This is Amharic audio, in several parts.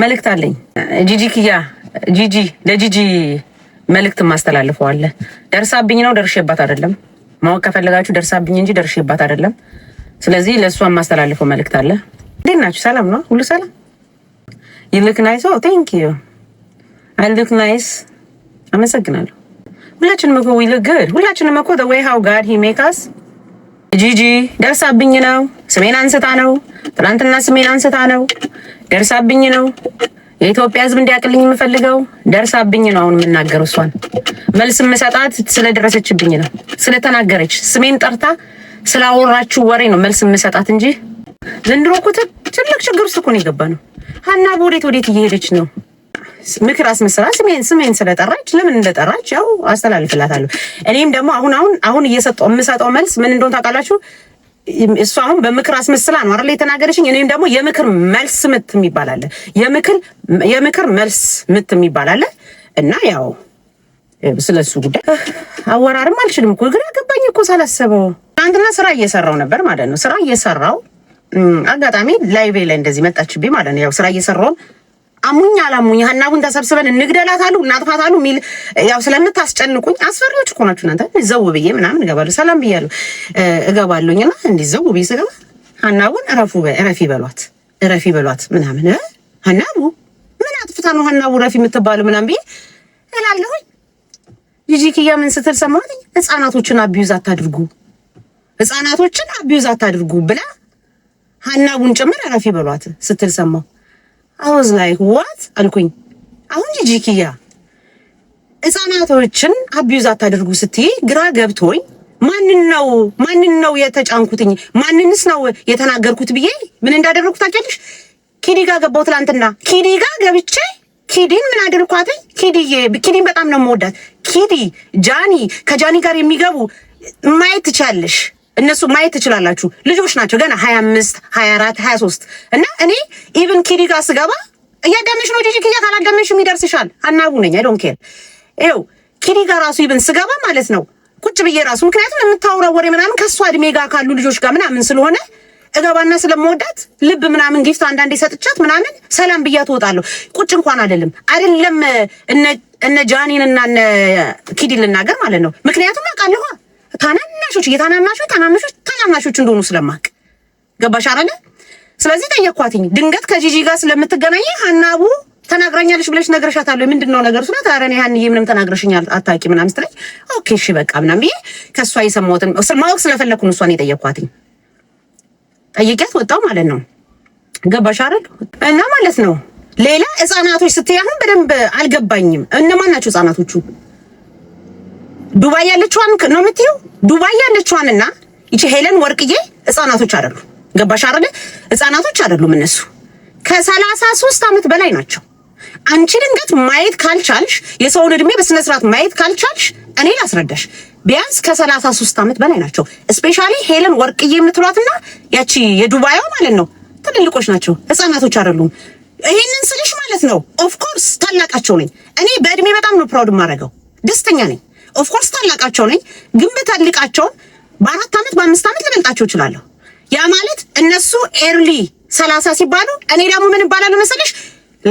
መልእክት አለኝ። ጂጂ ክያ ጂጂ ለጂጂ መልእክት ማስተላልፈዋለ። ደርሳብኝ ነው ደርሼባት አይደለም። ማወቅ ከፈለጋችሁ ደርሳብኝ እንጂ ደርሼባት አይደለም። ስለዚህ ለእሷ የማስተላልፈው መልእክት አለ። እንዴት ናችሁ? ሰላም ነው? ሁሉ ሰላም? ይልክ ናይስ ቴንክ ዩ ሉክ ናይስ። አመሰግናለሁ። ሁላችንም እኮ ሉክ ግድ ሁላችንም እኮ ዘ ዌይ ሃው ጋድ ሂ ሜካስ ጂጂ ደርሳብኝ ነው። ስሜን አንስታ ነው። ትናንትና ስሜን አንስታ ነው ደርሳብኝ ነው የኢትዮጵያ ህዝብ እንዲያቅልኝ የምፈልገው ደርሳብኝ ነው። አሁን የምናገረው እሷን መልስ የምሰጣት ስለደረሰችብኝ ነው። ስለተናገረች ስሜን ጠርታ ስላወራችሁ ወሬ ነው መልስ የምሰጣት እንጂ ዘንድሮ እኮ ትልቅ ችግር ውስጥ እኮ ነው የገባ ነው። ሀና በወዴት ወዴት እየሄደች ነው? ምክር አስመስላ ስሜን ስሜን ስለጠራች ለምን እንደጠራች ያው አስተላልፍላታለሁ። እኔም ደግሞ አሁን አሁን አሁን እየሰጠው የምሰጠው መልስ ምን እንደሆን ታውቃላችሁ? እሷ አሁን በምክር አስመስላ ነው አይደል የተናገረሽኝ። እኔም ደግሞ የምክር መልስ ምት የሚባል አለ፣ የምክር መልስ ምት የሚባል አለ። እና ያው ስለሱ ጉዳይ አወራርም አልችልም እኮ ግን አገባኝ እኮ ሳላሰበው። ትናንትና ስራ እየሰራው ነበር ማለት ነው። ስራ እየሰራው አጋጣሚ ላይቬ ላይ እንደዚህ መጣችብኝ ማለት ነው። ያው ስራ እየሰራውን አሙኝ አላሙኝ ሀናቡን ተሰብስበን እንግደላት አሉ እናጥፋት አሉ ሚል ያው ስለምታስጨንቁኝ አስፈሪዎች እኮ ናችሁ እናንተ። ዘው ብዬ ምናምን እገባለሁ፣ ሰላም ብያለሁ እገባለሁኝ እና እንዲህ ዘው ብዬ ስገባ ሀናቡን እረፉ እረፊ በሏት እረፊ በሏት ምናምን ሀናቡ ምን አጥፍታ ነው ሀናቡ እረፊ የምትባለው ምናምን ብዬ እላለሁኝ። ጂጂ ኪያ ምን ስትል ሰማሁት? ህፃናቶችን አቢዩዝ አታድርጉ፣ ህፃናቶችን አቢዩዝ አታድርጉ ብላ ሀናቡን ጭምር እረፊ በሏት ስትል ሰማሁ። አወዝ ላይክ ዋት አልኩኝ። አሁን ጂጂ ኪያ ህጻናቶችን አቢዩዝ አታደርጉ ስትይ ግራ ገብቶኝ ማንን ነው ማንን ነው የተጫንኩትኝ? ማንንስ ነው የተናገርኩት ብዬ ምን እንዳደረኩት ታውቂያለሽ? ኪዲ ጋር ገባው ትላንትና። ኪዲ ጋር ገብቼ ኪዲን ምን አደረኳትኝ? ኪዲዬ ኪዲን በጣም ነው የምወዳት። ኪዲ ጃኒ፣ ከጃኒ ጋር የሚገቡ ማየት ትችያለሽ እነሱ ማየት ትችላላችሁ። ልጆች ናቸው ገና 25 24 23 እና እኔ ኢቭን ኪዲ ጋር ስገባ እያዳመሽ ነው ጂጂ ኪያ ካላዳመሽም ይደርስሻል አናቡ ነኝ አይ ዶንት ኬር ይኸው ኪዲ ጋር ራሱ ኢቭን ስገባ ማለት ነው ቁጭ ብዬ ራሱ ምክንያቱም የምታወራው ወሬ ምናምን ከእሷ እድሜ ጋር ካሉ ልጆች ጋር ምናምን ስለሆነ እገባና ስለመወዳት ልብ ምናምን ጊፍት አንዳንዴ ሰጥቻት ምናምን ሰላም ብያ ትወጣለሁ። ቁጭ እንኳን አይደለም አይደለም እነ ጃኒን እና እነ ኪዲ ልናገር ማለት ነው ምክንያቱም አውቃለሁ ታናናሾች የታናናሾች ታናናሾች ታናናሾች እንደሆኑ ስለማቅ ገባሽ አረለ። ስለዚህ ጠየኳትኝ። ድንገት ከጂጂ ጋር ስለምትገናኝ ሀናቡ ተናግራኛለች ብለሽ ነግረሻታለሁ። ምንድነው ነገር ስላት፣ ኧረ እኔ ሀንዬ ምንም ተናግረሽኝ አታውቂ ምናምን ስትለኝ፣ ኦኬ እሺ በቃ ምናምን ብዬ ከእሷ የሰማሁትን ማወቅ ስለፈለግኩ እሷን የጠየኳትኝ። ጠይቂያት ወጣው ማለት ነው። ገባሽ አይደል? እና ማለት ነው ሌላ ህጻናቶች ስትይ አሁን በደንብ አልገባኝም። እነማን ናቸው ህጻናቶቹ? ዱባይ ያለችዋን ነው የምትይው? ዱባይ ያለችዋንና ይቺ ሄለን ወርቅዬ ህጻናቶች አደሉ። ገባሽ አይደለ? ህጻናቶች አይደሉም እነሱ ከሰላሳ ሶስት አመት በላይ ናቸው። አንቺ ድንገት ማየት ካልቻልሽ የሰውን እድሜ በስነ ስርዓት ማየት ካልቻልሽ እኔ ላስረዳሽ፣ ቢያንስ ከሰላሳ ሶስት ዓመት በላይ ናቸው። ስፔሻሊ ሄለን ወርቅዬ የምትሏትና ያቺ የዱባዩ ማለት ነው ትልልቆች ናቸው፣ ህጻናቶች አይደሉም። ይሄንን ስልሽ ማለት ነው ኦፍኮርስ ታላቃቸው ነኝ እኔ በእድሜ በጣም ነው ፕራውድ የማደርገው፣ ደስተኛ ነኝ። ኦፍኮርስ ታላቃቸው ነኝ፣ ግን ብተልቃቸውም በአራት ዓመት በአምስት ዓመት ልበልጣቸው እችላለሁ። ያ ማለት እነሱ ኤርሊ ሰላሳ ሲባሉ እኔ ደግሞ ምን እባላለሁ መሰለሽ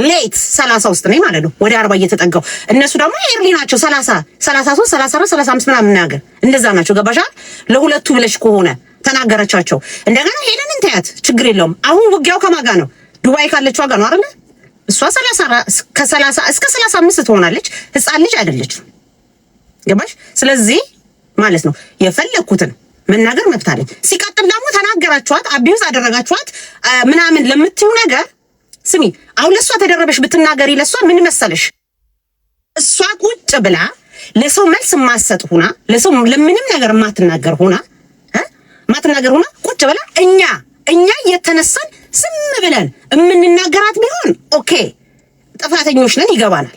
ሌት ሰላሳ ውስጥ ነኝ ማለት ነው። ወደ አርባ እየተጠጋው እነሱ ደግሞ ኤርሊ ናቸው። ሰላሳ ሰላሳ ሦስት ሰላሳ አራት ሰላሳ አምስት ምናምን ነገር እንደዛ ናቸው። ገባሻል? ለሁለቱ ብለሽ ከሆነ ተናገረቻቸው። እንደገና ሄደን እንታያት፣ ችግር የለውም። አሁን ውጊያው ከማጋ ነው? ዱባይ ካለችው ጋር ነው አይደለ? እሷ ከሰላሳ እስከ ሰላሳ አምስት ትሆናለች። ህፃን ልጅ አይደለችም። ገባሽ? ስለዚህ ማለት ነው የፈለግኩትን መናገር መብት አለኝ። ሲቀጥል ደግሞ ተናገራችኋት፣ አቢውዝ አደረጋችኋት ምናምን ለምትዩ ነገር ስሚ፣ አሁን ለእሷ ተደረበሽ ብትናገሪ ለእሷ ምን መሰለሽ እሷ ቁጭ ብላ ለሰው መልስ ማሰጥ ሁና ለሰው ለምንም ነገር ማትናገር ሁና ማትናገር ሁና ቁጭ ብላ እኛ እኛ የተነሳን ስም ብለን የምንናገራት ቢሆን ኦኬ፣ ጥፋተኞች ነን ይገባናል።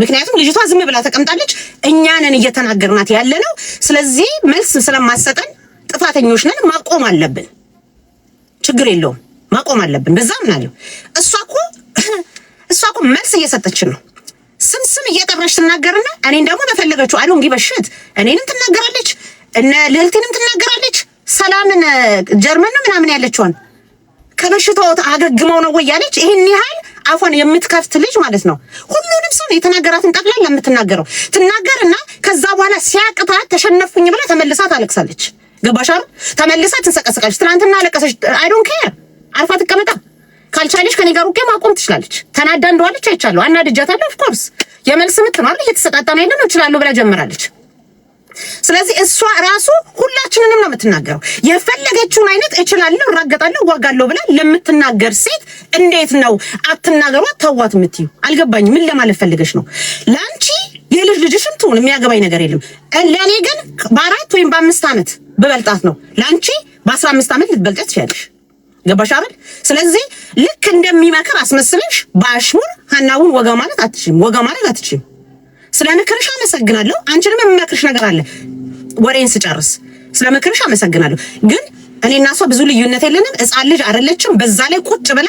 ምክንያቱም ልጅቷ ዝም ብላ ተቀምጣለች። እኛ ነን እየተናገርናት ያለ ነው። ስለዚህ መልስ ስለማሰጠን ጥፋተኞች ነን። ማቆም አለብን። ችግር የለውም ማቆም አለብን። በዛ ምን አለው? እሷ እኮ እሷ እኮ መልስ እየሰጠችን ነው። ስም ስም እየጠራች ትናገርና እኔን ደግሞ በፈለገችው አሉ እንግዲህ በሽት እኔንም ትናገራለች፣ እነ ልዕልቴንም ትናገራለች። ሰላምን ጀርመን ነው ምናምን ያለችዋን ከበሽታው አገግመው ነው ወይ ያለች ይሄን ያህል አፏን የምትከፍት ልጅ ማለት ነው። ሁሉንም ሰው የተናገራትን ጠቅላላ የምትናገረው ትናገርና ከዛ በኋላ ሲያቅታት ተሸነፍኩኝ ብላ ተመልሳ ታለቅሳለች። ገባሽ አይደል? ተመልሳ ትንሰቀሰቃለች። ትናንትና አለቀሰች። አይ ዶንት ኬር አርፋ ትቀመጣ። ካልቻለች ከኔ ጋር ውጌ ማቆም ትችላለች። ተናዳ እንደዋለች አይቻለሁ። አናድጃታለሁ። ኦፍኮርስ የመልስ ምት ነው አይደል? እየተሰጣጣ ነው ያለ ነው እችላለሁ ብላ ጀምራለች። ስለዚህ እሷ ራሱ ሁላችንንም ነው የምትናገረው። የፈለገችውን አይነት እችላለሁ፣ እራገጣለሁ፣ ዋጋለሁ ብላ ለምትናገር ሴት እንዴት ነው አትናገሯት፣ ተዋት የምትዩ አልገባኝም። ምን ለማለት ፈልገሽ ነው? ለአንቺ የልጅ ልጅሽን ትሁን የሚያገባኝ ነገር የለም። ለእኔ ግን በአራት ወይም በአምስት ዓመት ብበልጣት ነው። ለአንቺ በአስራ አምስት ዓመት ልትበልጠት ትችላለሽ። ገባሽ አይደል? ስለዚህ ልክ እንደሚመክር አስመስለሽ በአሽሙር ሀናውን ወጋ ማለት አትችም፣ ወጋ ማለት አትችም። ምክርሽ አመሰግናለሁ። አንቺንም የምመክርሽ ነገር አለ። ወሬን ስጨርስ ምክርሽ አመሰግናለሁ ግን እኔ እና እሷ ብዙ ልዩነት የለንም። ሕፃን ልጅ አይደለችም። በዛ ላይ ቁጭ ብላ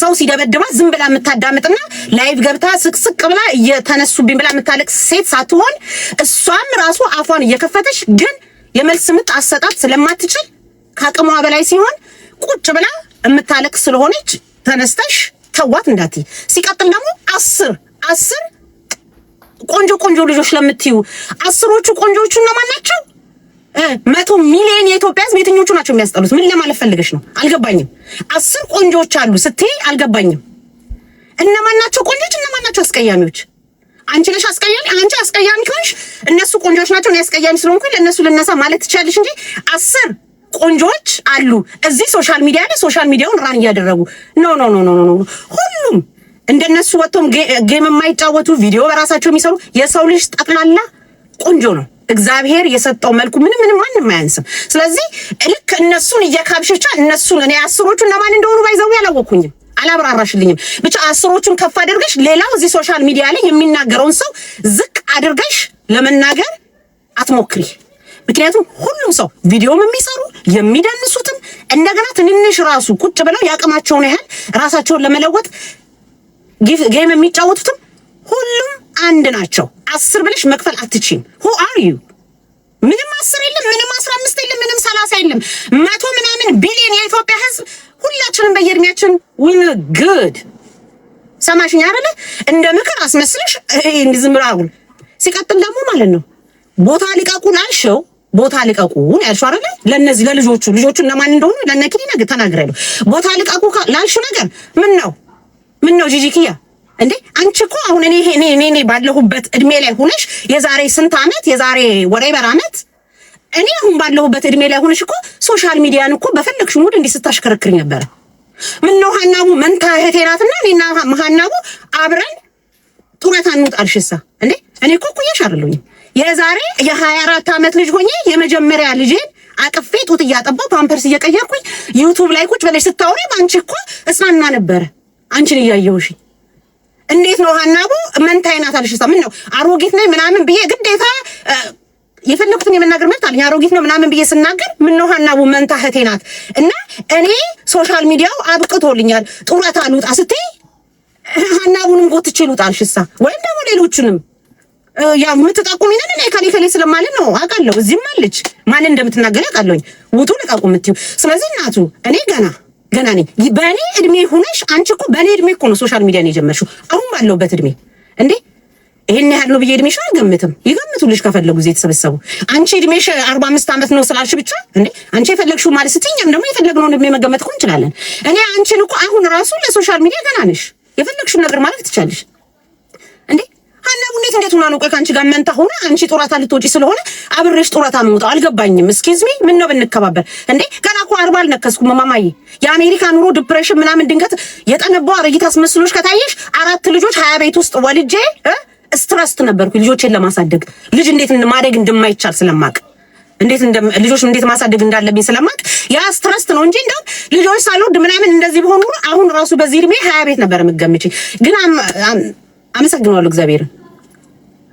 ሰው ሲደበድባ ዝም ብላ የምታዳምጥና ላይቭ ገብታ ስቅስቅ ብላ እየተነሱብኝ ብላ የምታለቅ ሴት ሳትሆን እሷም ራሱ አፏን እየከፈተች ግን የመልስ ምት አሰጣት ስለማትችል ከአቅሟ በላይ ሲሆን ቁጭ ብላ የምታለቅ ስለሆነች ተነስተሽ ተዋት እንዳትይ። ሲቀጥል ደግሞ አስር አስር ቆንጆ ቆንጆ ልጆች ለምትዩ አስሮቹ ቆንጆቹ እነማን ናቸው? መቶ ሚሊዮን የኢትዮጵያ ህዝብ የትኞቹ ናቸው የሚያስጠሉት? ምን ለማለት ፈልገሽ ነው? አልገባኝም። አስር ቆንጆዎች አሉ ስትይ አልገባኝም። እነማን ናቸው ቆንጆች? እነማን ናቸው አስቀያሚዎች? አንቺ ነሽ አስቀያሚ። አንቺ አስቀያሚ ከሆንሽ እነሱ ቆንጆች ናቸው፣ እኔ አስቀያሚ ስለሆንኩኝ ለእነሱ ልነሳ ማለት ትችያለሽ እንጂ አስር ቆንጆዎች አሉ እዚህ ሶሻል ሚዲያ ላይ ሶሻል ሚዲያውን ራን እያደረጉ ኖ ኖ ኖ ኖ ኖ ሁሉም እንደነሱ ወጥቶም ጌም የማይጫወቱ ቪዲዮ በራሳቸው የሚሰሩ የሰው ልጅ ጠቅላላ ቆንጆ ነው። እግዚአብሔር የሰጠው መልኩ ምንም ምንም ማንም አያንስም። ስለዚህ ልክ እነሱን እየካብሸቻ እነሱን እኔ አስሮቹ እነማን እንደሆኑ ባይዘው አላወኩኝም፣ አላብራራሽልኝም። ብቻ አስሮቹን ከፍ አድርገሽ ሌላው እዚህ ሶሻል ሚዲያ ላይ የሚናገረውን ሰው ዝቅ አድርገሽ ለመናገር አትሞክሪ። ምክንያቱም ሁሉም ሰው ቪዲዮም የሚሰሩ የሚደንሱትም እንደገና ትንንሽ ራሱ ቁጭ ብለው ያቅማቸውን ያህል ራሳቸውን ለመለወጥ ጌም የሚጫወቱትም ሁሉም አንድ ናቸው። አስር ብለሽ መክፈል አትችም። ሁ አር ዩ ምንም አስር የለም፣ ምንም አስራ አምስት የለም፣ ምንም ሰላሳ የለም። መቶ ምናምን ቢሊዮን የኢትዮጵያ ህዝብ ሁላችንም በየእድሜያችን ዊል ግድ ሰማሽኝ አይደለ? እንደ ምክር አስመስለሽ አስመስልሽ እንዲዝምራጉል ሲቀጥል ደግሞ ማለት ነው ቦታ ልቀቁን አልሽው ቦታ ልቀቁን ያልሽው አይደለ? ለነዚህ ለልጆቹ ልጆቹ እነማን እንደሆኑ ለነኪኒ ነገር ተናግራለሁ። ቦታ ልቀቁ ላልሽው ነገር ምን ነው ምን ነው ጂጂኪያ እንዴ አንቺ እኮ አሁን እኔ እኔ እኔ ባለሁበት እድሜ ላይ ሆነሽ የዛሬ ስንት አመት የዛሬ ወሬበር አመት እኔ አሁን ባለሁበት እድሜ ላይ ሆነሽ እኮ ሶሻል ሚዲያን እኮ በፈለግሽ ሙድ እንዲህ ስታሽከረክሪ ነበረ። ምን ነው ሀናቡ መንታ እህቴ ናትና እኔና ሀናቡ አብረን ጡረታ እንውጣ አልሽሳ እንዴ እኔ እኮ እኩያሽ አይደለሁኝ። የዛሬ የ24 አመት ልጅ ሆኜ የመጀመሪያ ልጄን አቅፌ ጡት እያጠባው ፓምፐርስ እየቀየርኩኝ ዩቱብ ላይ ቁጭ ብለሽ ስታወሪ አንቺ እኮ እስናና ነበረ አንቺን እያየሁሽ እንዴት ነው ሀናቡ መንታ አይናት አልሽሳ ምን ነው አሮጊት ነኝ ምናምን ብዬ ግዴታ የፈለኩትን የመናገር መብት አለኝ። አሮጊት ነው ምናምን ብዬ ስናገር ምን ነው ሀናቡ መንታ እህቴ ናት እና እኔ ሶሻል ሚዲያው አብቅቶልኛል ጡረታ ልውጣ ስትይ ሀናቡንም ጎትቼ ልውጣ አልሽሳ ወይም ደግሞ ሌሎቹንም ያው የምትጠቁሚ ይነን እኔ ከሌ ከሌ ስለማልን ነው አውቃለሁ። እዚህም አለች ማንን እንደምትናገር አውቃለሁኝ። ውጡ ልቀቁ የምትይው ስለዚህ እናቱ እኔ ገና ገና ነኝ። በእኔ እድሜ ሆነሽ አንቺ እኮ በእኔ እድሜ እኮ ነው ሶሻል ሚዲያን የጀመርሽው። አሁን ባለውበት እድሜ እንዴ ይሄን ያህል ነው ብዬ እድሜሽ አልገምትም። ይገምቱልሽ ከፈለጉ ጊዜ የተሰበሰቡ አንቺ እድሜሽ አርባ አምስት ዓመት ነው ስላልሽ ብቻ እንዴ አንቺ የፈለግሽው ማለት ስትኛም ደግሞ የፈለግነውን እድሜ መገመት እኮ እንችላለን። እኔ አንቺን እኮ አሁን ራሱ ለሶሻል ሚዲያ ገና ነሽ። የፈለግሽውን ነገር ማለት ትቻለሽ። ሀና ቡነት እንዴት ሆና ነው ቆይ ከአንቺ ጋር መንታ ሆነ አንቺ ጡረታ ልትወጪ ስለሆነ አብሬሽ ጡረታ መውጣው አልገባኝም። እስኪዝ ሚ ምን ነው ብንከባበር እንዴ? ገና እኮ አርባ አልነከስኩም ማማዬ። የአሜሪካ ኑሮ ዲፕሬሽን ምናምን ድንገት የጠነባው አረጊት አስመስሎሽ ከታየሽ አራት ልጆች ሀያ ቤት ውስጥ ወልጄ ስትረስት ነበርኩ ልጆቼን ለማሳደግ ልጅ እንዴት ማደግ እንደማይቻል ስለማቅ እንዴት እንደ ልጆች እንዴት ማሳደግ እንዳለብኝ ስለማቅ ያ ስትረስት ነው እንጂ እንደው ልጆች ሳልወድ ምናምን እንደዚህ በሆኑ አሁን ራሱ በዚህ እድሜ ሀያ ቤት ነበር የምገምችኝ ግን አመሰግነዋለሁ እግዚአብሔርን።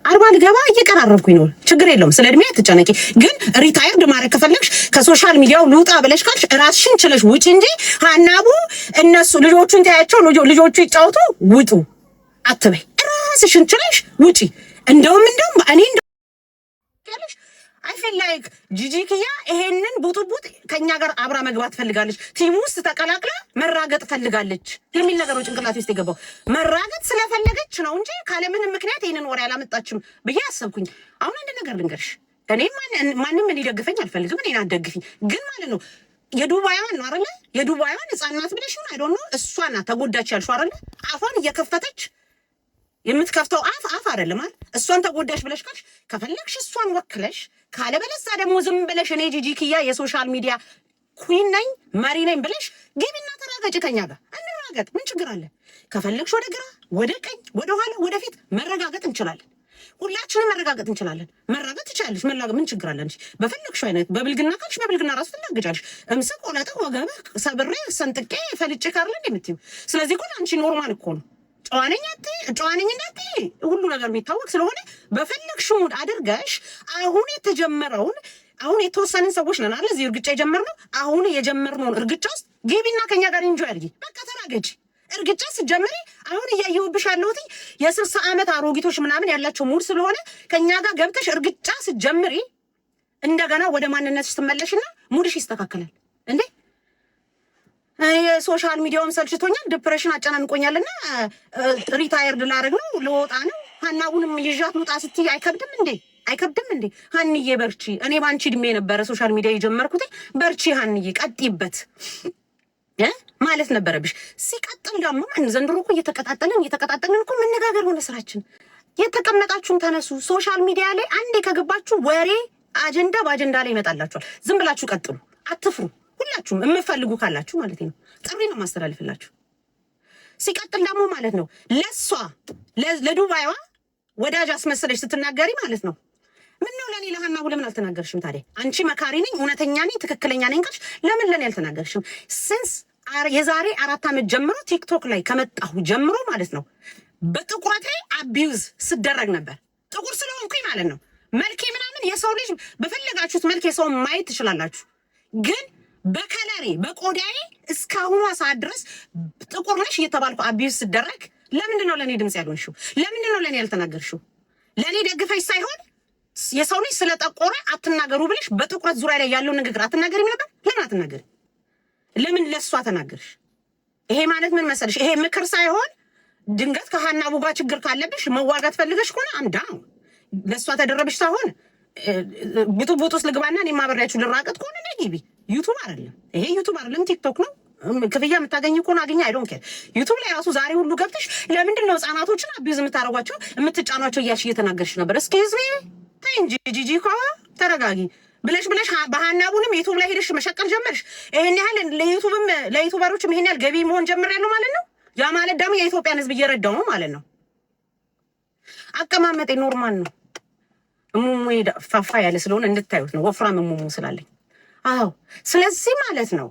አርባ ልገባ እየቀራረብኩኝ ነው። ችግር የለውም። ስለ እድሜ አትጨነቂ። ግን ሪታየርድ ማድረግ ከፈለግሽ ከሶሻል ሚዲያው ልውጣ ብለሽ ካልሽ ራስሽን ችለሽ ውጪ እንጂ ሀናቡ እነሱ ልጆቹን ታያቸው፣ ልጆቹ ይጫወቱ፣ ውጡ አትበይ። ራስሽን ችለሽ ውጪ። እንደውም እንደውም እኔ አይ ፊል ላይክ ጂጂ ይሄንን ቡጥቡጥ ከእኛ ጋር አብራ መግባት ፈልጋለች፣ ቲም ውስጥ ተቀላቅላ መራገጥ ፈልጋለች የሚል ነገር ጭንቅላት ውስጥ የገባው መራገጥ ስለፈለገች ነው እንጂ ካለምንም ምክንያት ይህንን ወሬ አላመጣችም ብዬ አሰብኩኝ። አሁን አንድ ነገር ልንገርሽ፣ እኔ ማንም እንዲደግፈኝ አልፈልግም። እኔን አትደግፊኝ ግን ማለት ነው የዱባይዋን ነው አለ የዱባይዋን ህጻናት ብለሽ ሆን አይደ እሷ ናት ተጎዳች ያልሽ አለ አፏን እየከፈተች የምትከፍተው አፍ አፍ አይደለም አይደል? እሷን ተጎዳች ብለሽ ካልሽ ከፈለግሽ እሷን ወክለሽ ካለበለዚያ ደግሞ ዝም ብለሽ እኔ ጂጂ ክያ የሶሻል ሚዲያ ኩን ነኝ መሪ ነኝ ብለሽ ግቢና ተራገጭ። ከኛ ጋር እንራገጥ፣ ምን ችግር አለ? ከፈለግሽ ወደ ግራ፣ ወደ ቀኝ፣ ወደ ኋላ፣ ወደፊት መረጋገጥ እንችላለን። ሁላችንም መረጋገጥ እንችላለን። መራገጥ ትችላለች። መላ ምን ችግር አለን? በፈለግሽው አይነት በብልግና ካልሽ በብልግና ራሱ ትላገጫለሽ። እምስ ወለጠ ወገብህ ሰብሬ ሰንጥቄ ፈልጭ ካርለን የምትዩ ስለዚህ ኮን አንቺ ኖርማል እኮ ነው ጨዋነኝ አትይ ጨዋነኝ ሁሉ ነገር የሚታወቅ ስለሆነ በፈለግሽው ሙድ አድርገሽ አሁን የተጀመረውን አሁን የተወሰንን ሰዎች ነን አለ እዚህ እርግጫ የጀመርነው አሁን የጀመርነውን እርግጫ ውስጥ ግቢና ከኛ ጋር እንጆ ያድርጊ። በቃ ተናገጂ። እርግጫ ስትጀምሪ አሁን እያየሁብሽ ያለሁት የስልሳ ዓመት አሮጊቶች ምናምን ያላቸው ሙድ ስለሆነ ከኛ ጋር ገብተሽ እርግጫ ስትጀምሪ እንደገና ወደ ማንነትሽ ትመለሽና ሙድሽ ይስተካከላል እንዴ የሶሻል ሚዲያውም ሰልችቶኛል፣ ዲፕሬሽን አጨናንቆኛል ሪታየርድ ላደርግ ነው፣ ልወጣ ነው። ሀናውንም ይዣት ውጣ ስትይ አይከብድም እንዴ? አይከብድም እንዴ? ሀንዬ በርቺ። እኔ ባንቺ እድሜ ነበረ ሶሻል ሚዲያ የጀመርኩት። በርቺ ሀንዬ፣ ቀጥይበት ማለት ነበረብሽ። ሲቀጥል ደግሞ ማን ዘንድሮ እኮ እየተቀጣጠልን እየተቀጣጠልን እኮ መነጋገር ሆነ ስራችን። የተቀመጣችሁን ተነሱ። ሶሻል ሚዲያ ላይ አንዴ ከገባችሁ ወሬ አጀንዳ በአጀንዳ ላይ ይመጣላችኋል። ዝም ብላችሁ ቀጥሉ፣ አትፍሩ። ሁላችሁም የምፈልጉ ካላችሁ ማለት ነው ጥሪ ነው ማስተላልፍላችሁ። ሲቀጥል ደግሞ ማለት ነው ለሷ ለዱባይዋ ወዳጅ አስመስለች ስትናገሪ ማለት ነው ነው ለእኔ ለሀናቡ ለምን አልተናገርሽም ታዲያ? አንቺ መካሪ ነኝ፣ እውነተኛ ነኝ፣ ትክክለኛ ነኝ ካልሽ ለምን ለእኔ አልተናገርሽም? ስንስ የዛሬ አራት ዓመት ጀምሮ ቲክቶክ ላይ ከመጣሁ ጀምሮ ማለት ነው በጥቁረቴ አቢዩዝ ስደረግ ነበር። ጥቁር ስለሆንኩኝ ማለት ነው መልኬ ምናምን የሰው ልጅ በፈለጋችሁት መልክ የሰው ማየት ትችላላችሁ ግን በከለሬ በቆዳዬ እስካሁኗ ሰዓት ድረስ ጥቁር ነሽ እየተባልኩ አቢዩስ ስደረግ ለምንድን ነው ለእኔ ድምፅ ያልሆንሽው? ለምንድን ነው ለእኔ ያልተናገርሽው? ለእኔ ደግፈሽ ሳይሆን የሰው ልጅ ስለጠቆረ አትናገሩ ብለሽ በጥቁረት ዙሪያ ላይ ያለውን ንግግር አትናገሪም ነበር? ለምን አትናገሪም? ለምን ለእሷ ተናገርሽ? ይሄ ማለት ምን መሰለሽ? ይሄ ምክር ሳይሆን ድንገት ከሀና ቡጋ ችግር ካለብሽ መዋጋት ፈልገሽ ከሆነ አንዳ ለእሷ ተደረብሽ ሳይሆን ቡጡ ቡጡስ ልግባና እኔ ማበሪያችሁ ልራቀት ከሆነ ነይ ዩቱብ አይደለም ይሄ ዩቱብ አይደለም ቲክቶክ ነው። ክፍያ የምታገኝ እኮ አገኘ አይዶን ኬር ዩቱብ ላይ ራሱ ዛሬ ሁሉ ገብተሽ ለምንድን ነው ህጻናቶችን አቢዝ የምታደርጓቸው የምትጫኗቸው እያልሽ እየተናገርሽ ነበር። እስኪዝ ህዝቢ ተይ እንጂ ጂጂ እኮ ተረጋጊ ብለሽ ብለሽ በሀናቡንም ዩቱብ ላይ ሄደሽ መሸቀር ጀመርሽ። ይህን ያህል ለዩቱብም ለዩቱበሮችም ይህን ያህል ገቢ መሆን ጀምሬያለሁ ማለት ነው። ያ ማለት ደግሞ የኢትዮጵያን ህዝብ እየረዳው ነው ማለት ነው። አቀማመጤ ኖርማል ነው። እሙሙ ፋፋ ያለ ስለሆነ እንድታዩት ነው። ወፍራም እሙሙ ስላለኝ አዎ። ስለዚህ ማለት ነው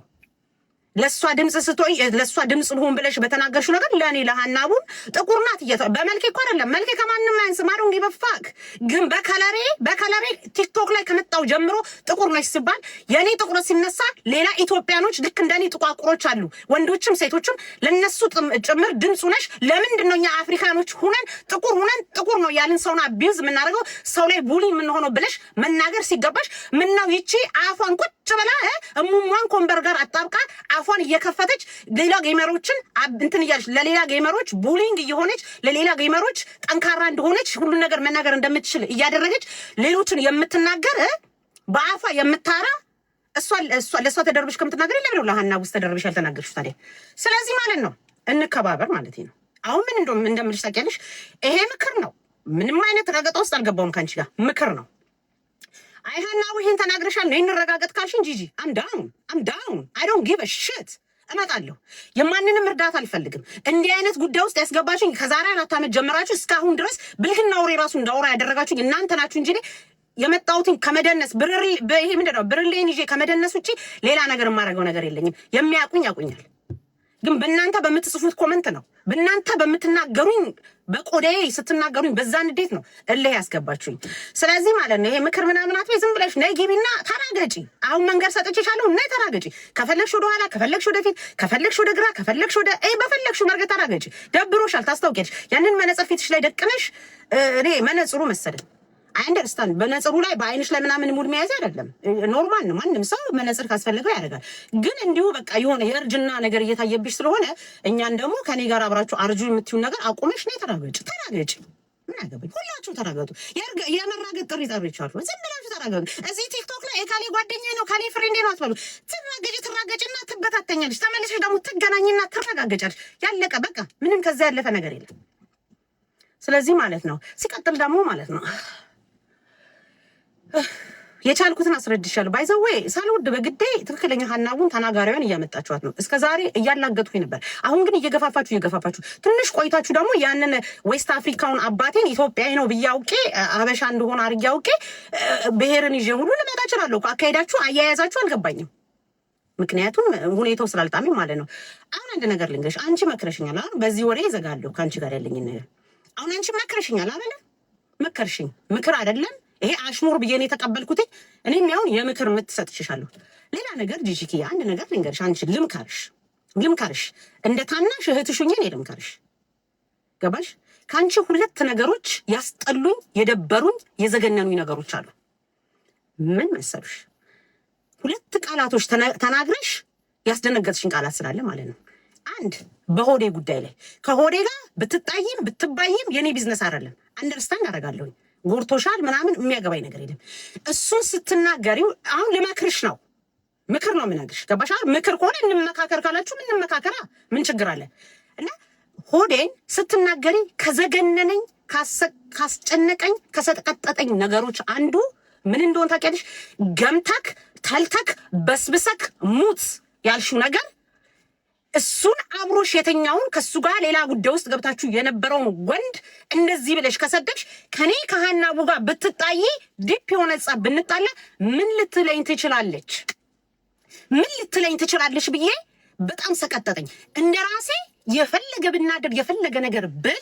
ለእሷ ድምፅ ስትሆኝ ለእሷ ድምፅ ልሁን ብለሽ በተናገርሽ ነገር ለእኔ ለሀናቡን ጥቁር ናት እየተ በመልኬ እኮ አይደለም መልኬ ከማንም አያንስ ማሩን ጊበፋክ ግን በከለሬ በከለሬ ቲክቶክ ላይ ከመጣው ጀምሮ ጥቁር ነች ሲባል የእኔ ጥቁር ሲነሳ ሌላ ኢትዮጵያኖች ልክ እንደ እኔ ጥቋቁሮች አሉ፣ ወንዶችም ሴቶችም ለነሱ ጭምር ድምፁ ነሽ። ለምንድን ነው እኛ አፍሪካኖች ሁነን ጥቁር ሁነን ጥቁር ነው ያልን ሰውን አቢዝ የምናደርገው ሰው ላይ ቡሊ የምንሆነው ብለሽ መናገር ሲገባሽ ምነው ይቺ አፏን ቁጭ ቁጭ ብላ እሙሟን ኮምበር ጋር አጣብቃ አፏን እየከፈተች ሌላ ጌመሮችን እንትን እያለች ለሌላ ጌመሮች ቡሊንግ እየሆነች ለሌላ ጌመሮች ጠንካራ እንደሆነች ሁሉን ነገር መናገር እንደምትችል እያደረገች ሌሎችን የምትናገር በአፏ የምታራ እሷ ለእሷ ተደርበሽ ከምትናገር ለምን ለሀና ውስጥ ተደርበሽ ያልተናገርሽ ታዲያ? ስለዚህ ማለት ነው እንከባበር ማለት ነው። አሁን ምን እንደምልሽ ታውቂያለሽ? ይሄ ምክር ነው። ምንም አይነት ረገጣ ውስጥ አልገባውም ከአንቺ ጋር ምክር ነው። አይ ሀናቡ ይሄን ተናግረሻል ነው እንረጋገጥ ካልሽን፣ ጂጂ አም ዳውን አም ዳውን አይ ዶንት ጊቭ አ ሽት እመጣለሁ። የማንንም እርዳታ አልፈልግም። እንዲህ አይነት ጉዳይ ውስጥ ያስገባችሁኝ ከዛሬ አራት ዓመት ጀምራችሁ እስካሁን ድረስ ብልህና ወሬ ራሱ እንዳወራ ያደረጋችሁኝ እናንተ ናችሁ እንጂ የመጣሁትን ከመደነስ ብርሌ ይሄ ምንድን ነው ብርሌን ይዤ ከመደነስ ውጭ ሌላ ነገር የማደርገው ነገር የለኝም። የሚያውቁኝ ያውቁኛል። ግን በእናንተ በምትጽፉት ኮመንት ነው፣ በእናንተ በምትናገሩኝ በቆዳዬ ስትናገሩኝ በዛ ንዴት ነው እልህ ያስገባችሁኝ። ስለዚህ ማለት ነው ይሄ ምክር ምናምን አትበይ። ዝም ብለሽ ነይ ግቢና ተራገጪ። አሁን መንገድ ሰጥቼሻለሁ፣ ነይ ተራገጪ። ከፈለግሽ ወደ ኋላ፣ ከፈለግሽ ወደ ፊት፣ ከፈለግሽ ወደ ግራ፣ ከፈለግሽ ወደ በፈለግሽው መርገጥ ተራገጪ። ደብሮሻል፣ ታስታውቂያለሽ። ያንን መነጽር ፊትሽ ላይ ደቅነሽ እኔ መነጽሩ መሰለኝ አንደርስታንድ በነጽሩ ላይ በአይንሽ ላይ ምናምን ሙድ መያዝ አይደለም፣ ኖርማል ነው። ማንም ሰው መነጽር ካስፈልገው ያደርጋል። ግን እንዲሁ በቃ የሆነ የእርጅና ነገር እየታየብሽ ስለሆነ እኛን ደግሞ ከኔ ጋር አብራችሁ አርጁ የምትዩን ነገር አቁመሽ ነው። ተራገጭ ተራገጭ፣ ምን አገባኝ። ሁላችሁ ተራገጡ። የመራገጥ ጥሪ ጠርቻለሁ። ዝም ብላችሁ ተራገጡ። እዚህ ቲክቶክ ላይ የካሌ ጓደኛ ነው ካሌ ፍሬንዴ ነው አትበሉ። ትራገጭ ትራገጭና ትበታተኛለች። ተመልሰሽ ደግሞ ትገናኝና ትረጋገጫለች። ያለቀ በቃ ምንም ከዛ ያለፈ ነገር የለም። ስለዚህ ማለት ነው ሲቀጥል ደግሞ ማለት ነው የቻልኩትን አስረድሻለሁ። ባይዘወይ ሳልወድ በግዴ ትክክለኛ ሀናቡን ተናጋሪዋን እያመጣችኋት ነው። እስከ ዛሬ እያላገጥኩኝ ነበር። አሁን ግን እየገፋፋችሁ እየገፋፋችሁ ትንሽ ቆይታችሁ ደግሞ ያንን ዌስት አፍሪካውን አባቴን ኢትዮጵያዊ ነው ብዬ አውቄ አበሻ እንደሆነ አድርጌ አውቄ ብሔርን ይዤ ሁሉ ልመጣ እችላለሁ። አካሄዳችሁ፣ አያያዛችሁ አልገባኝም። ምክንያቱም ሁኔታው ስላልጣሚ ማለት ነው። አሁን አንድ ነገር ልንገርሽ። አንቺ መክረሽኛል። አሁን በዚህ ወሬ ይዘጋለሁ ከአንቺ ጋር ያለኝ ነገር። አሁን አንቺ መክረሽኛል አለ መከርሽኝ ምክር አይደለም ይሄ አሽሙር ብዬ ነው የተቀበልኩት። እኔ የሚያውን የምክር የምትሰጥሽሻለሁ። ሌላ ነገር ጂጂኪ፣ አንድ ነገር ልንገርሽ፣ አንቺ ልምከርሽ ልምከርሽ እንደ ታናሽ እህትሽኝን የልምከርሽ ገባሽ? ከአንቺ ሁለት ነገሮች ያስጠሉኝ፣ የደበሩኝ፣ የዘገነኑኝ ነገሮች አሉ። ምን መሰሉሽ? ሁለት ቃላቶች ተናግረሽ ያስደነገጥሽን ቃላት ስላለ ማለት ነው። አንድ በሆዴ ጉዳይ ላይ ከሆዴ ጋር ብትጣይም ብትባይም የእኔ ቢዝነስ አይደለም። አንደርስታንድ አደርጋለሁኝ ጎርቶሻል ምናምን የሚያገባኝ ነገር የለም። እሱን ስትናገሪው አሁን ልመክርሽ ነው፣ ምክር ነው የምነግርሽ። ገባሻ? ምክር ከሆነ እንመካከር ካላችሁ እንመካከራ፣ ምን ችግር አለ? እና ሆዴን ስትናገሪ ከዘገነነኝ፣ ካስጨነቀኝ፣ ከሰጠቀጠጠኝ ነገሮች አንዱ ምን እንደሆን ታውቂያለሽ? ገምተክ ተልተክ በስብሰክ ሙት ያልሽው ነገር እሱን አብሮሽ የተኛውን ከሱ ጋር ሌላ ጉዳይ ውስጥ ገብታችሁ የነበረውን ወንድ እንደዚህ ብለሽ ከሰደብሽ ከኔ ከሀና ጋር ብትጣይ ዲፕ የሆነ ጻ ብንጣላ ምን ልትለኝ ትችላለች? ምን ልትለኝ ትችላለች ብዬ በጣም ሰቀጠጠኝ። እንደ ራሴ የፈለገ ብናደር የፈለገ ነገር ብል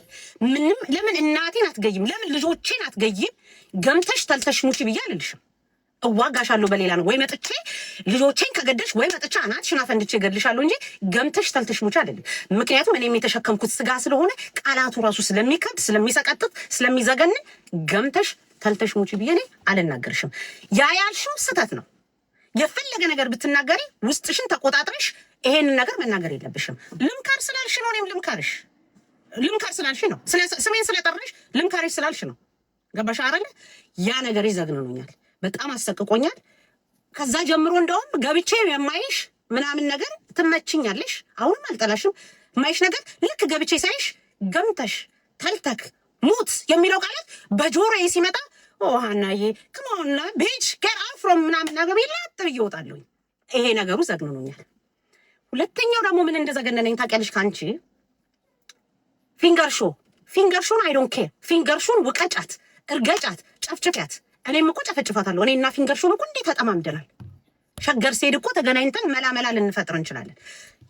ምንም ለምን እናቴን አትገይም? ለምን ልጆቼን አትገይም? ገምተሽ ተልተሽ ሙቺ ብዬ አልልሽም። እዋጋሻለሁ በሌላ ነው ወይ መጥቼ ልጆቼን ከገደልሽ ወይ መጥቼ አናትሽን አፈንድቼ እገድልሻለሁ እንጂ ገምተሽ ተልተሽ ሙች አይደለም። ምክንያቱም እኔም የተሸከምኩት ስጋ ስለሆነ ቃላቱ ራሱ ስለሚከብድ፣ ስለሚሰቀጥጥ፣ ስለሚዘገን ገምተሽ ተልተሽ ሙች ብዬ እኔ አልናገርሽም። ያ ያልሽው ስህተት ነው። የፈለገ ነገር ብትናገሪ ውስጥሽን ተቆጣጥረሽ ይሄንን ነገር መናገር የለብሽም። ልምካር ስላልሽ ነው። እኔም ልምካርሽ ልምካር ስላልሽ ነው። ስሜን ስለጠራሽ ልምካርሽ ስላልሽ ነው። ገባሽ አረለ ያ ነገር ይዘግንኑኛል በጣም አሰቅቆኛል። ከዛ ጀምሮ እንደውም ገብቼ የማይሽ ምናምን ነገር ትመችኛለሽ፣ አሁንም አልጠላሽም። የማይሽ ነገር ልክ ገብቼ ሳይሽ ገምተሽ ተልተክ ሙት የሚለው ቃላት በጆሮዬ ሲመጣ ሀናዬ ክመሆና ቤጅ ገር አፍሮም ምናምን ነገር ቢላጥር ብዬ ይሄ ነገሩ ዘግንኖኛል። ሁለተኛው ደግሞ ምን እንደዘገነነኝ ታውቂያለሽ? ከአንቺ ፊንገር ሾ ፊንገር ሾን አይዶን ኬር ፊንገር ሾን ውቀጫት፣ እርገጫት፣ ጨፍጭፊያት እኔም እኮ ጨፈጭፋታለሁ። እኔና ፊንገር ሾም እኮ እንዴት ተጠማምደናል። ሸገር ስሄድ እኮ ተገናኝተን መላመላ ልንፈጥር እንችላለን።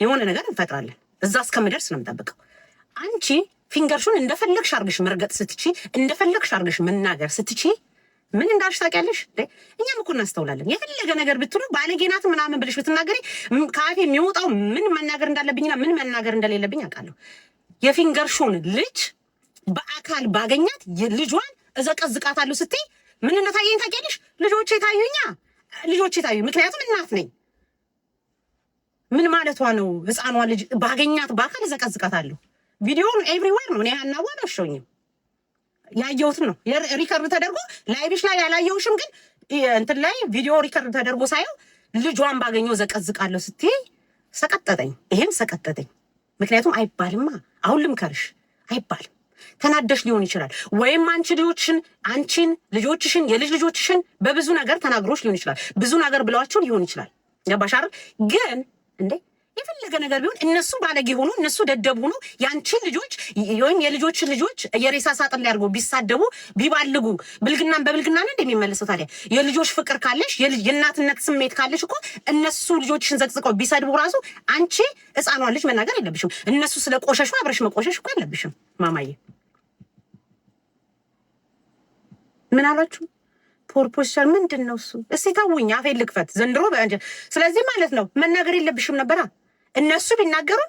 የሆነ ነገር እንፈጥራለን። እዛ እስከምደርስ ነው የምጠብቀው። አንቺ ፊንገርሹን እንደፈለግሽ አርግሽ መርገጥ ስትቺ፣ እንደፈለግሽ አርግሽ መናገር ስትቺ፣ ምን እንዳልሽ ታውቂያለሽ። እኛም እኮ እናስተውላለን። የፈለገ ነገር ብትሉ ባለጌናት ምናምን ብልሽ ብትናገሪ ከአፌ የሚወጣው ምን መናገር እንዳለብኝና ምን መናገር እንደሌለብኝ አውቃለሁ። የፊንገርሹን ልጅ በአካል ባገኛት ልጇን እዘቀዝቃታለሁ ስትይ ምን እንደታየኝ ታውቂያለሽ? ልጆቼ ታዩኛ፣ ልጆቼ ታዩ። ምክንያቱም እናት ነኝ። ምን ማለቷ ነው? ህፃኗ ልጅ ባገኛት በአካል ዘቀዝቃታለሁ። ቪዲዮን ኤቭሪዌር ነው። እኔ ያናዋ አልሸኝም፣ ያየሁትም ነው ሪከርድ ተደርጎ ላይብሽ ላይ ያላየውሽም፣ ግን እንትን ላይ ቪዲዮ ሪከርድ ተደርጎ ሳየው ልጇን ባገኘው ዘቀዝቃለሁ ስትይ ሰቀጠጠኝ። ይሄም ሰቀጠጠኝ። ምክንያቱም አይባልማ አሁን ልምከርሽ አይባልም። ተናደሽ ሊሆን ይችላል። ወይም አንቺ ልጆችን አንቺን ልጆችሽን የልጅ ልጆችሽን በብዙ ነገር ተናግሮች ሊሆን ይችላል። ብዙ ነገር ብለዋቸው ሊሆን ይችላል። ገባሽ አይደል? ግን እንዴ የፈለገ ነገር ቢሆን እነሱ ባለጌ ሆኖ እነሱ ደደብ ሆኖ ያንቺን ልጆች ወይም የልጆችን ልጆች የሬሳ ሳጥን ላይ አድርጎ ቢሳደቡ ቢባልጉ ብልግናን በብልግና ነው እንደሚመለሰው። ታዲያ የልጆች ፍቅር ካለሽ የእናትነት ስሜት ካለሽ እኮ እነሱ ልጆችን ዘቅዝቀው ቢሰድቡ ራሱ አንቺ ሕፃኗን ልጅ መናገር የለብሽም። እነሱ ስለ ቆሸሹ አብረሽ መቆሸሽ እኮ የለብሽም ማማዬ። ምን አላችሁ? ፖርፖስቸር ምንድን ነው እሱ? እስቲ ተውኝ፣ አፌን ልክፈት ዘንድሮ። ስለዚህ ማለት ነው መናገር የለብሽም ነበራ። እነሱ ቢናገሩ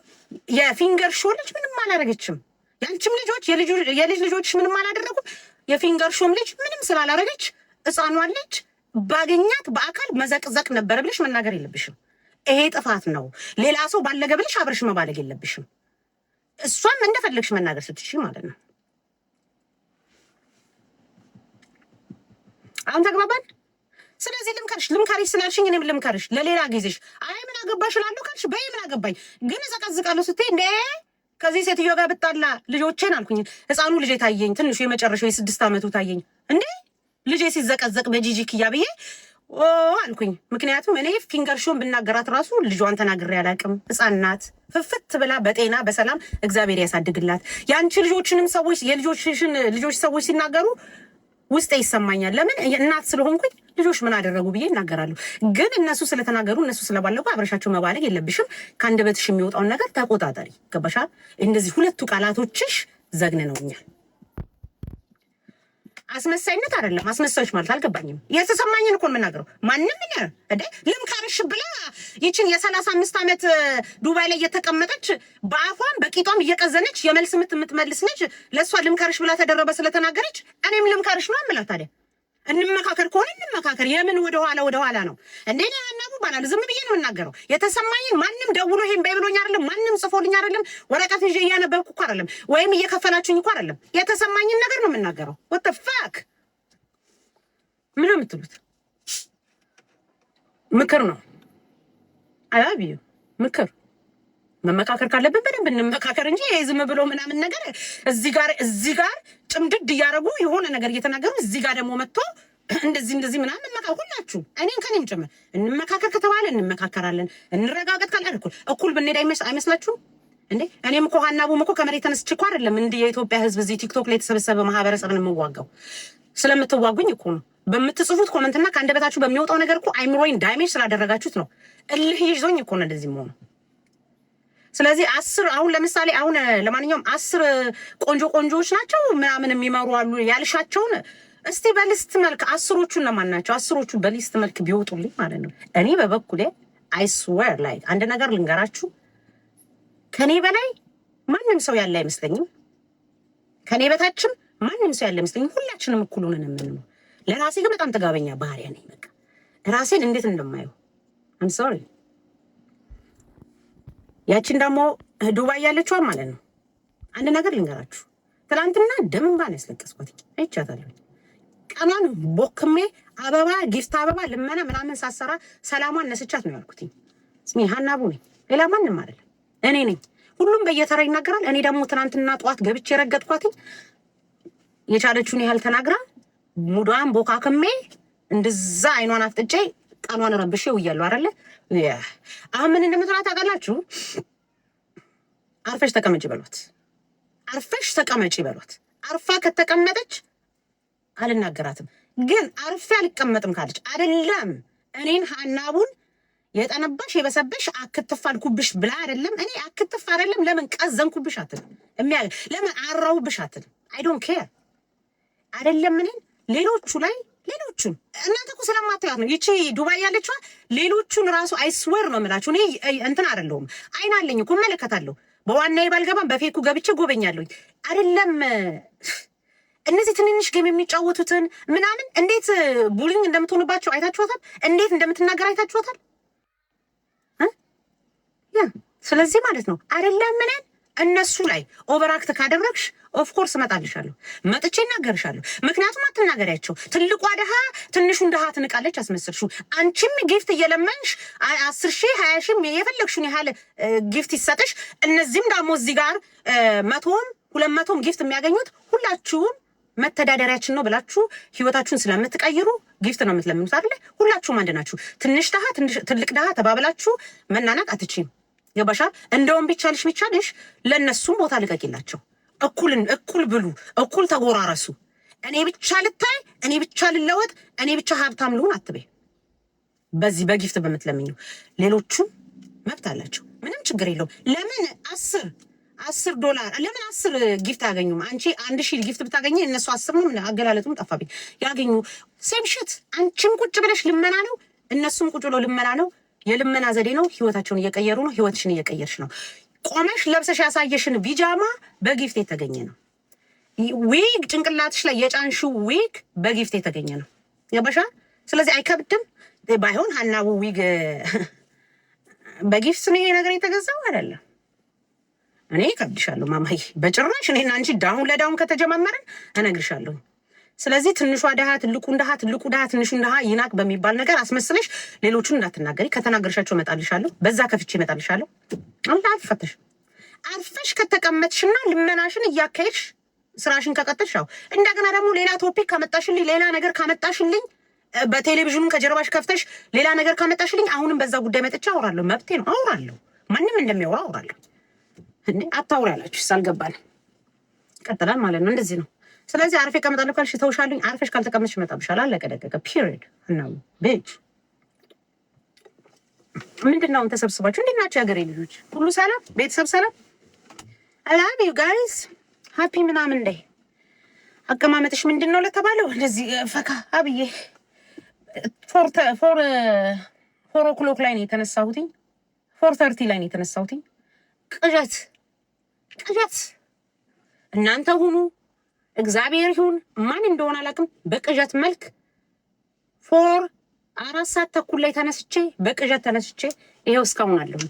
የፊንገር ሾ ልጅ ምንም አላደረገችም፣ ያንቺም ልጆች የልጅ ልጆች ምንም አላደረጉ። የፊንገር ሾም ልጅ ምንም ስላላደረገች ሕፃኗን ልጅ ባገኛት በአካል መዘቅዘቅ ነበረ ብለሽ መናገር የለብሽም። ይሄ ጥፋት ነው። ሌላ ሰው ባለገ ብለሽ አብረሽ መባለግ የለብሽም። እሷም እንደፈለግሽ መናገር ስትሽ ማለት ነው። አሁን ተግባባን። ስለዚህ ልምከርሽ ልምከርሽ ስላልሽኝ እኔም ልምከርሽ ለሌላ ጊዜሽ። አይ ምን አገባሽ እላለሁ ካልሽ በይ ምን አገባኝ ግን እዘቀዝቃለሁ ስትይ እንደ ከዚህ ሴትዮ ጋር ብጣላ ልጆቼን አልኩኝ። ህፃኑ ልጄ ታየኝ፣ ትንሹ የመጨረሻው የስድስት ዓመቱ ታየኝ። እንዴ ልጄ ሲዘቀዘቅ በጂጂ ክያ ብዬ አልኩኝ። ምክንያቱም እኔ ፊንገር ሾን ብናገራት ራሱ ልጇን ተናግሬ አላውቅም። ህፃን ናት። ፍፍት ብላ በጤና በሰላም እግዚአብሔር ያሳድግላት። የአንቺ ልጆችንም ሰዎች የልጆችሽን ልጆች ሰዎች ሲናገሩ ውስጤ ይሰማኛል። ለምን እናት ስለሆንኩኝ ልጆች ምን አደረጉ ብዬ እናገራለሁ። ግን እነሱ ስለተናገሩ እነሱ ስለባለጉ አብረሻቸው መባለግ የለብሽም። ከአንደበትሽ የሚወጣውን ነገር ተቆጣጠሪ። ገባሻ? እንደዚህ ሁለቱ ቃላቶችሽ ዘግን አስመሳይነት አይደለም። አስመሳዮች ማለት አልገባኝም። የተሰማኝን እኮ የምናገረው ማንም እንደ ልምካርሽ ብላ ይችን የሰላሳ አምስት ዓመት ዱባይ ላይ እየተቀመጠች በአፏም በቂጧም እየቀዘነች የመልስ ምት የምትመልስ ነች። ለእሷ ልምካርሽ ብላ ተደረበ ስለተናገረች እኔም ልምካርሽ ነው የምላት ታዲያ እንመካከር ከሆነ እንመካከር። የምን ወደ ኋላ ወደ ኋላ ነው እንዴ? ያናቡ ባላል ዝም ብዬ ነው የምናገረው። የተሰማኝን ማንም ደውሎ ይሄን ባይብሎኝ አይደለም፣ ማንም ጽፎልኝ አይደለም፣ ወረቀት ይዤ እያነበብኩ እኮ አይደለም፣ ወይም እየከፈላችሁኝ እኮ አይደለም። የተሰማኝን ነገር ነው የምናገረው። ወት ፋክ ምን ነው የምትሉት? ምክር ነው አላቢዩ ምክር መመካከር ካለብን በደንብ እንመካከር እንጂ ይሄ ዝም ብሎ ምናምን ነገር እዚህ ጋር እዚህ ጋር ጭምድድ እያደረጉ የሆነ ነገር እየተናገሩ እዚህ ጋር ደግሞ መጥቶ እንደዚህ እንደዚህ ምናምን መቃ ሁላችሁ እኔን ከኔም ጭምር እንመካከር ከተባለ እንመካከራለን። እንረጋገጥ ካለ እኩል እኩል ብንሄድ አይመስላችሁም እንዴ? እኔም እኮ ሀናቡም እኮ ከመሬት ተነስቼ እኮ አይደለም እንዲህ የኢትዮጵያ ሕዝብ እዚህ ቲክቶክ ላይ የተሰበሰበ ማህበረሰብን የምዋጋው ስለምትዋጉኝ እኮ ነው። በምትጽፉት ኮመንትና ከአንደበታችሁ በሚወጣው ነገር እኮ አይምሮይን ዳሜጅ ስላደረጋችሁት ነው። እልህ ይዞኝ እኮ ነው እንደዚህ መሆኑ ስለዚህ አስር አሁን ለምሳሌ አሁን ለማንኛውም አስር ቆንጆ ቆንጆዎች ናቸው ምናምን የሚመሩ አሉ ያልሻቸውን እስቲ በሊስት መልክ አስሮቹን ለማን ናቸው? አስሮቹ በሊስት መልክ ቢወጡልኝ ማለት ነው። እኔ በበኩሌ አይስወር ላይ አንድ ነገር ልንገራችሁ፣ ከኔ በላይ ማንም ሰው ያለ አይመስለኝም፣ ከኔ በታችም ማንም ሰው ያለ አይመስለኝም። ሁላችንም እኩል ሆነን የምንኖር ለራሴ ግን በጣም ተጋበኛ ባህሪያ ነኝ። በቃ ራሴን እንዴት እንደማየው አም ሶሪ ያችን ደግሞ ዱባይ ያለችዋን ማለት ነው። አንድ ነገር ልንገራችሁ። ትላንትና ደም እንባ ነው ያስለቀስኳት። አይቻታለሁ። ቀኗን ቦክሜ አበባ ጊፍት አበባ ልመና ምናምን ሳሰራ ሰላሟን ነስቻት ነው ያልኩት ስሜ ሀናቡ ነኝ፣ ሌላ ማንም አይደለም፣ እኔ ነኝ። ሁሉም በየተራ ይናገራል። እኔ ደግሞ ትናንትና ጠዋት ገብቼ የረገጥኳትኝ የቻለችውን ያህል ተናግራ ሙዷን ቦካክሜ እንደዛ አይኗን አፍጥጬ ቀኗን ረብሼ ውያሉ አለ። አሁን ምን እንደምትላት ታውቃላችሁ? አርፈሽ ተቀመጭ በሏት። አርፈሽ ተቀመጭ በሏት። አርፋ ከተቀመጠች አልናገራትም። ግን አርፌ አልቀመጥም ካለች አይደለም እኔን ሀናቡን የጠነባሽ የበሰበሽ አክትፍ አልኩብሽ ብላ አይደለም እኔ አክትፍ አይደለም ለምን ቀዘንኩብሽ አትልም። የሚያ ለምን አራውብሽ አትልም። አይ ዶንት ኬር አይደለም እኔን ሌሎቹ ላይ ሌሎቹን እናንተ እኮ ስለማታያት ነው ይቺ ዱባይ ያለችዋ። ሌሎቹን ራሱ አይስወር ነው የምላችሁ። እኔ እንትን አይደለሁም፣ አይን አለኝ እኮ እመለከታለሁ። በዋናዬ ባልገባም በፌኩ ገብቼ ጎበኛለሁኝ። አይደለም እነዚህ ትንንሽ ጌም የሚጫወቱትን ምናምን እንዴት ቡሊንግ እንደምትሆንባቸው አይታችኋታል። እንዴት እንደምትናገር አይታችኋታል። ስለዚህ ማለት ነው አይደለም ምንን እነሱ ላይ ኦቨራክት ካደረግሽ ኦፍኮርስ እመጣልሻለሁ፣ መጥቼ እናገርሻለሁ። ምክንያቱም አትናገሪያቸው። ትልቋ ድሃ ትንሹን ድሃ ትንቃለች አስመስልሽው። አንቺም ጊፍት እየለመንሽ አስር ሺህ ሀያ ሺህ የፈለግሽውን ያህል ጊፍት ይሰጥሽ። እነዚህም ደግሞ እዚህ ጋር መቶም ሁለት መቶም ጊፍት የሚያገኙት ሁላችሁም መተዳደሪያችን ነው ብላችሁ ህይወታችሁን ስለምትቀይሩ ጊፍት ነው የምትለምኑት አይደለ? ሁላችሁም አንድ ናችሁ። ትንሽ ድሃ ትልቅ ድሃ ተባብላችሁ መናናቅ አትችም። ገባሻ? እንደውም ቢቻልሽ ቢቻልሽ ለእነሱም ቦታ ልቀቂላቸው። እኩልን እኩል ብሉ፣ እኩል ተጎራረሱ። እኔ ብቻ ልታይ፣ እኔ ብቻ ልለወጥ፣ እኔ ብቻ ሀብታም ልሁን አትበይ። በዚህ በጊፍት በምትለምኘው ሌሎቹም መብት አላቸው። ምንም ችግር የለውም። ለምን አስር አስር ዶላር ለምን አስር ጊፍት አያገኙም? አንቺ አንድ ሺህ ጊፍት ብታገኘ እነሱ አስር ነው። ምን አገላለጡም ጠፋብኝ። ያገኙ ሴምሽት አንቺም ቁጭ ብለሽ ልመና ነው፣ እነሱም ቁጭ ብሎ ልመና ነው። የልመና ዘዴ ነው። ህይወታቸውን እየቀየሩ ነው። ህይወትሽን እየቀየርሽ ነው። ቆመሽ ለብሰሽ ያሳየሽን ቢጃማ በጊፍት የተገኘ ነው። ዊግ ጭንቅላትሽ ላይ የጫንሽው ዊግ በጊፍት የተገኘ ነው። ገባሻ? ስለዚህ አይከብድም። ባይሆን ሀናቡ ዊግ በጊፍት ነው ይሄ ነገር የተገዛው አይደለም። እኔ ይከብድሻለሁ ማማዬ፣ በጭራሽ እኔና አንቺ ዳውን ለዳውን ከተጀማመረን እነግርሻለሁ። ስለዚህ ትንሿ ድሃ ትልቁን ድሃ ትልቁ ድሃ ትንሹ ድሃ ይናቅ በሚባል ነገር አስመስለሽ ሌሎቹን እንዳትናገሪ። ከተናገርሻቸው እመጣልሻለሁ፣ በዛ ከፍቼ እመጣልሻለሁ። አሁን አልፈተሽ አርፈሽ ከተቀመጥሽና ልመናሽን እያካሄድሽ ስራሽን ከቀጠልሽ ያው እንደገና ደግሞ ሌላ ቶፒክ ካመጣሽልኝ ሌላ ነገር ካመጣሽልኝ በቴሌቪዥኑ ከጀርባሽ ከፍተሽ ሌላ ነገር ካመጣሽልኝ አሁንም በዛ ጉዳይ መጥቼ አውራለሁ። መብቴ ነው፣ አውራለሁ። ማንም እንደሚያወራ አውራለሁ። አታውሪ ያላችሁ ሳልገባን ቀጥላል ማለት ነው። እንደዚህ ነው። ስለዚህ አርፌ እቀመጣለሁ ካልሽ ተውሻልኝ። አርፌሽ ካልተቀመጥሽ ይመጣብሻል። አለቀ ደቀቀ። ፒሪድ እና ቤች ምንድን ነው ተሰብስባችሁ እንዴት ናቸው የሀገሬ ልጆች? ሁሉ ሰላም፣ ቤተሰብ ሰላም። አላም ዩ ጋይስ ሀፒ ምናምን እንደ አቀማመጥሽ ምንድን ነው ለተባለው እንደዚህ ፈካ አብዬ ፎር ኦክሎክ ላይ ነው የተነሳሁትኝ። ፎር ተርቲ ላይ ነው የተነሳሁትኝ። ቅዠት ቅዠት እናንተ ሁኑ እግዚአብሔር ይሁን ማን እንደሆነ አላውቅም። በቅዠት መልክ ፎር አራት ሰዓት ተኩል ላይ ተነስቼ በቅዠት ተነስቼ ይሄው እስካሁን አለሁ።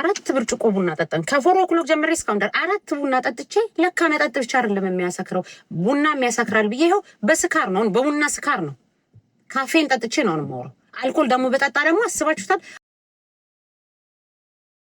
አራት ብርጭቆ ቡና ጠጠን ከፎር ኦክሎክ ጀምሬ እስካሁን ዳር አራት ቡና ጠጥቼ ለካ መጠጥ ብቻ አይደለም የሚያሰክረው ቡና የሚያሰክራል ብዬ ይኸው በስካር ነው በቡና ስካር ነው ካፌን ጠጥቼ ነው ነው የማወራው። አልኮል ደግሞ በጠጣ ደግሞ አስባችሁታል